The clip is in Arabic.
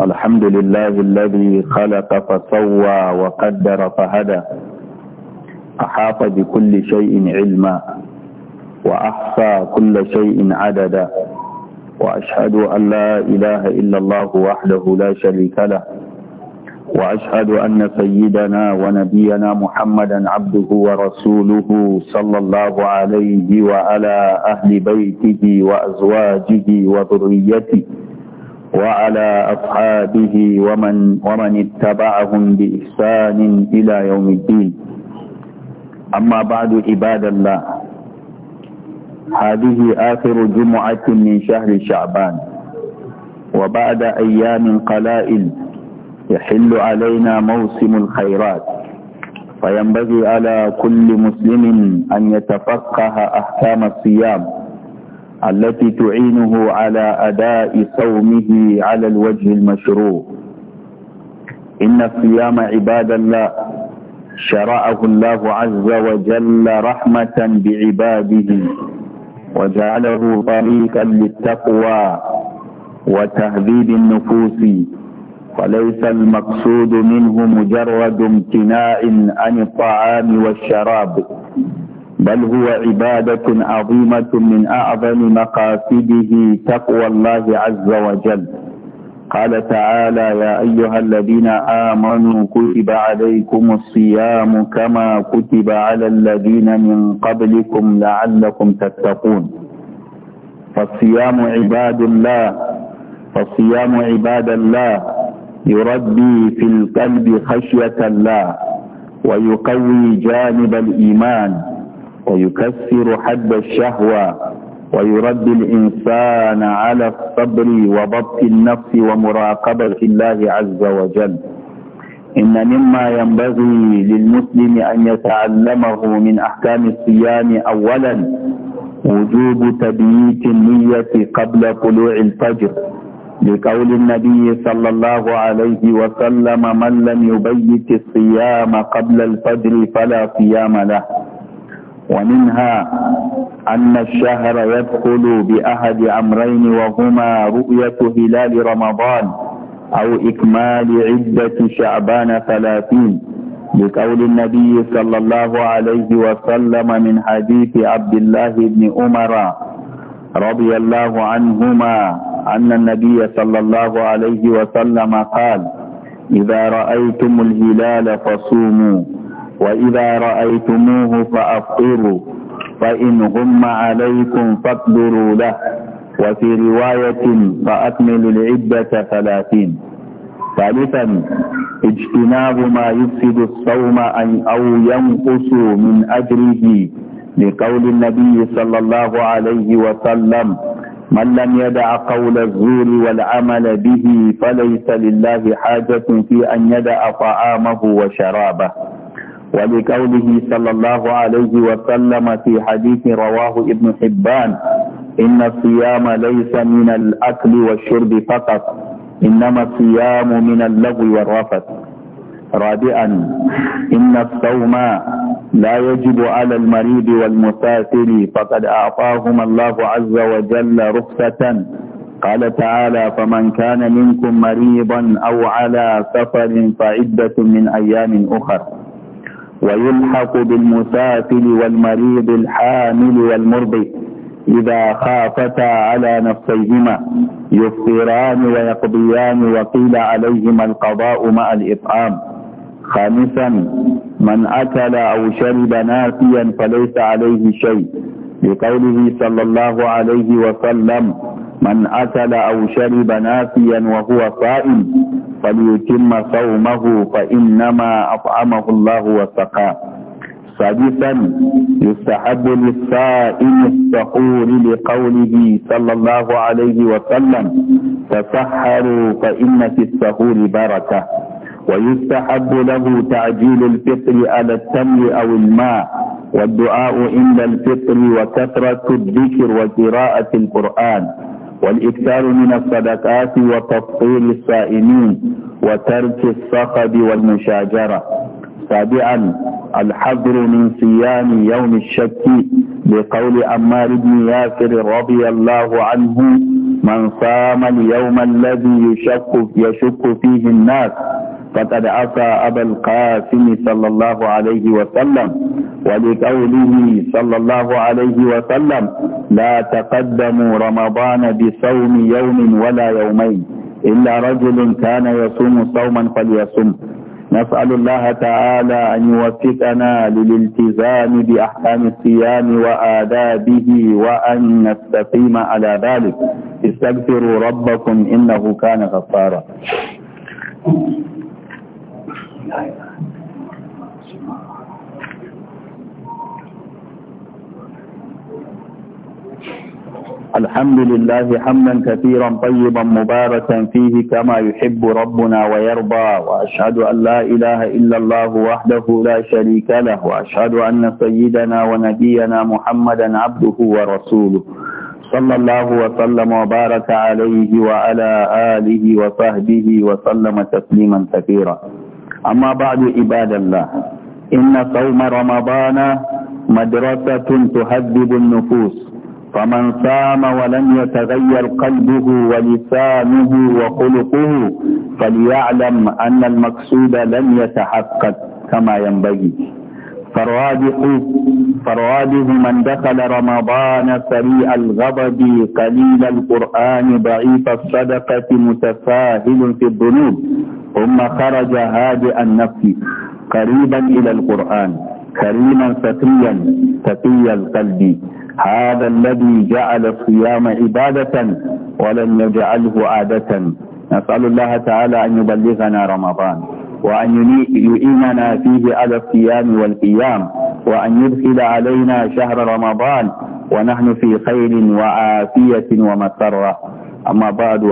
الحمد لله الذي خلق فسوى وقدر فهدى أحاط بكل شيء علما وأحصى كل شيء عددا وأشهد أن لا إله إلا الله وحده لا شريك له واشهد ان سيدنا ونبينا محمدا عبده ورسوله صلى الله عليه وعلى اهل بيته وازواجه وذريته وعلى اصحابه ومن ومن اتبعهم باحسان الى يوم الدين اما بعد عباد الله هذه اخر جمعه من شهر شعبان وبعد ايام قلائل يحل علينا موسم الخيرات فينبغي على كل مسلم أن يتفقه أحكام الصيام التي تعينه على أداء صومه على الوجه المشروع إن الصيام عباد الله شرعه الله عز وجل رحمة بعباده وجعله طريقا للتقوى وتهذيب النفوس فليس المقصود منه مجرد امتناع عن الطعام والشراب بل هو عبادة عظيمة من أعظم مقاصده تقوى الله عز وجل قال تعالى يا أيها الذين آمنوا كتب عليكم الصيام كما كتب على الذين من قبلكم لعلكم تتقون فالصيام عباد الله فالصيام عباد الله يربي في القلب خشية الله ويقوي جانب الإيمان ويكسر حد الشهوة ويربي الإنسان على الصبر وضبط النفس ومراقبة الله عز وجل إن مما ينبغي للمسلم أن يتعلمه من أحكام الصيام أولا وجوب تبييت النية قبل طلوع الفجر لقول النبي صلى الله عليه وسلم من لم يبيت الصيام قبل الفجر فلا صيام له ومنها أن الشهر يدخل بأحد أمرين وهما رؤية هلال رمضان أو إكمال عدة شعبان ثلاثين لقول النبي صلى الله عليه وسلم من حديث عبد الله بن عمر رضي الله عنهما أن النبي صلى الله عليه وسلم قال إذا رأيتم الهلال فصوموا وإذا رأيتموه فأفطروا فإن غم عليكم فاقدروا له وفي رواية فأكملوا العدة ثلاثين ثالثا اجتناب ما يفسد الصوم أو ينقص من أجره لقول النبي صلى الله عليه وسلم من لم يدع قول الزور والعمل به فليس لله حاجة في أن يدع طعامه وشرابه ولقوله صلى الله عليه وسلم في حديث رواه ابن حبان إن الصيام ليس من الأكل والشرب فقط إنما الصيام من اللغو والرفث رابعا إن الصوم لا يجب على المريض والمسافر فقد أعطاهما الله عز وجل رخصة قال تعالى فمن كان منكم مريضا أو على سفر فعدة من أيام أخر ويلحق بالمسافر والمريض الحامل والمرضي إذا خافتا على نفسيهما يفطران ويقضيان وقيل عليهما القضاء مع الإطعام خامسا من أكل أو شرب نافيا فليس عليه شيء لقوله صلى الله عليه وسلم من أكل أو شرب نافيا وهو صائم فليتم صومه فإنما أطعمه الله وسقاه سادسا يستحب للصائم السحور لقوله صلى الله عليه وسلم تسحروا فإن في السحور بركة ويستحب له تعجيل الفطر على التمر أو الماء والدعاء عند الفطر وكثرة الذكر وقراءة القرآن والإكثار من الصدقات وتفطير الصائمين وترك الصخب والمشاجرة سابعا الحذر من صيام يوم الشك بقول عمار بن ياسر رضي الله عنه من صام اليوم الذي يشك يشك فيه الناس فقد عصى أبا القاسم صلى الله عليه وسلم ولقوله صلى الله عليه وسلم لا تقدموا رمضان بصوم يوم ولا يومين إلا رجل كان يصوم صوما فليصم نسأل الله تعالى أن يوفقنا للالتزام بأحكام الصيام وآدابه وأن نستقيم على ذلك استغفروا ربكم إنه كان غفارا الحمد لله حمدا كثيرا طيبا مباركا فيه كما يحب ربنا ويرضى وأشهد أن لا إله إلا الله وحده لا شريك له وأشهد أن سيدنا ونبينا محمدا عبده ورسوله صلى الله وسلم وبارك عليه وعلى آله وصحبه وسلم تسليما كثيرا أما بعد عباد الله إن صوم رمضان مدرسة تهذب النفوس فمن صام ولم يتغير قلبه ولسانه وخلقه فليعلم أن المقصود لم يتحقق كما ينبغي فالرابح من دخل رمضان سريع الغضب قليل القرآن ضعيف الصدقة متفاهل في الذنوب ثم خرج هادئ النفس قريبا إلى القرآن كريما سقيا تقي القلب هذا الذي جعل الصيام عبادة ولم يجعله عادة نسأل الله تعالى أن يبلغنا رمضان وأن يؤيننا فيه على الصيام والقيام وأن يدخل علينا شهر رمضان ونحن في خير وعافية ومسرة أما بعد